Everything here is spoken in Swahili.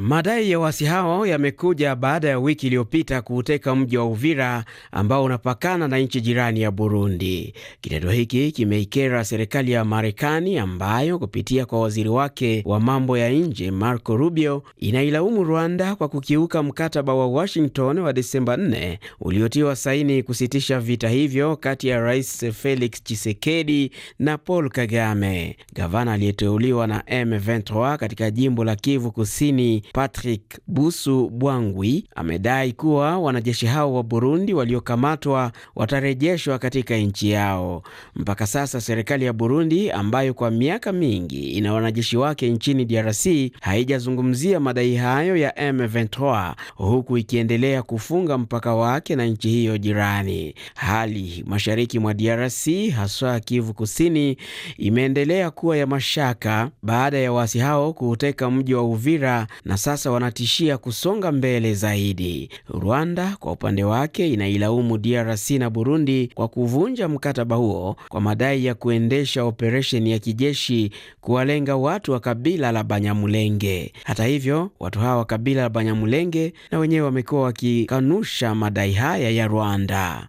Madai ya waasi hao yamekuja baada ya wiki iliyopita kuuteka mji wa Uvira ambao unapakana na nchi jirani ya Burundi. Kitendo hiki kimeikera serikali ya Marekani ambayo kupitia kwa waziri wake wa mambo ya nje Marco Rubio inailaumu Rwanda kwa kukiuka mkataba wa Washington wa Desemba 4 uliotiwa saini kusitisha vita hivyo kati ya Rais Felix Tshisekedi na Paul Kagame. Gavana aliyeteuliwa na M23 katika jimbo la Kivu Kusini Patrick Busu Bwangwi amedai kuwa wanajeshi hao wa Burundi waliokamatwa watarejeshwa katika nchi yao. Mpaka sasa serikali ya Burundi ambayo kwa miaka mingi ina wanajeshi wake nchini DRC haijazungumzia madai hayo ya M23 huku ikiendelea kufunga mpaka wake na nchi hiyo jirani. Hali mashariki mwa DRC haswa Kivu Kusini imeendelea kuwa ya mashaka baada ya waasi hao kuuteka mji wa Uvira na sasa wanatishia kusonga mbele zaidi. Rwanda kwa upande wake inailaumu DRC na Burundi kwa kuvunja mkataba huo kwa madai ya kuendesha operesheni ya kijeshi kuwalenga watu wa kabila la Banyamulenge. Hata hivyo, watu hawa wa kabila la Banyamulenge na wenyewe wamekuwa wakikanusha madai haya ya Rwanda.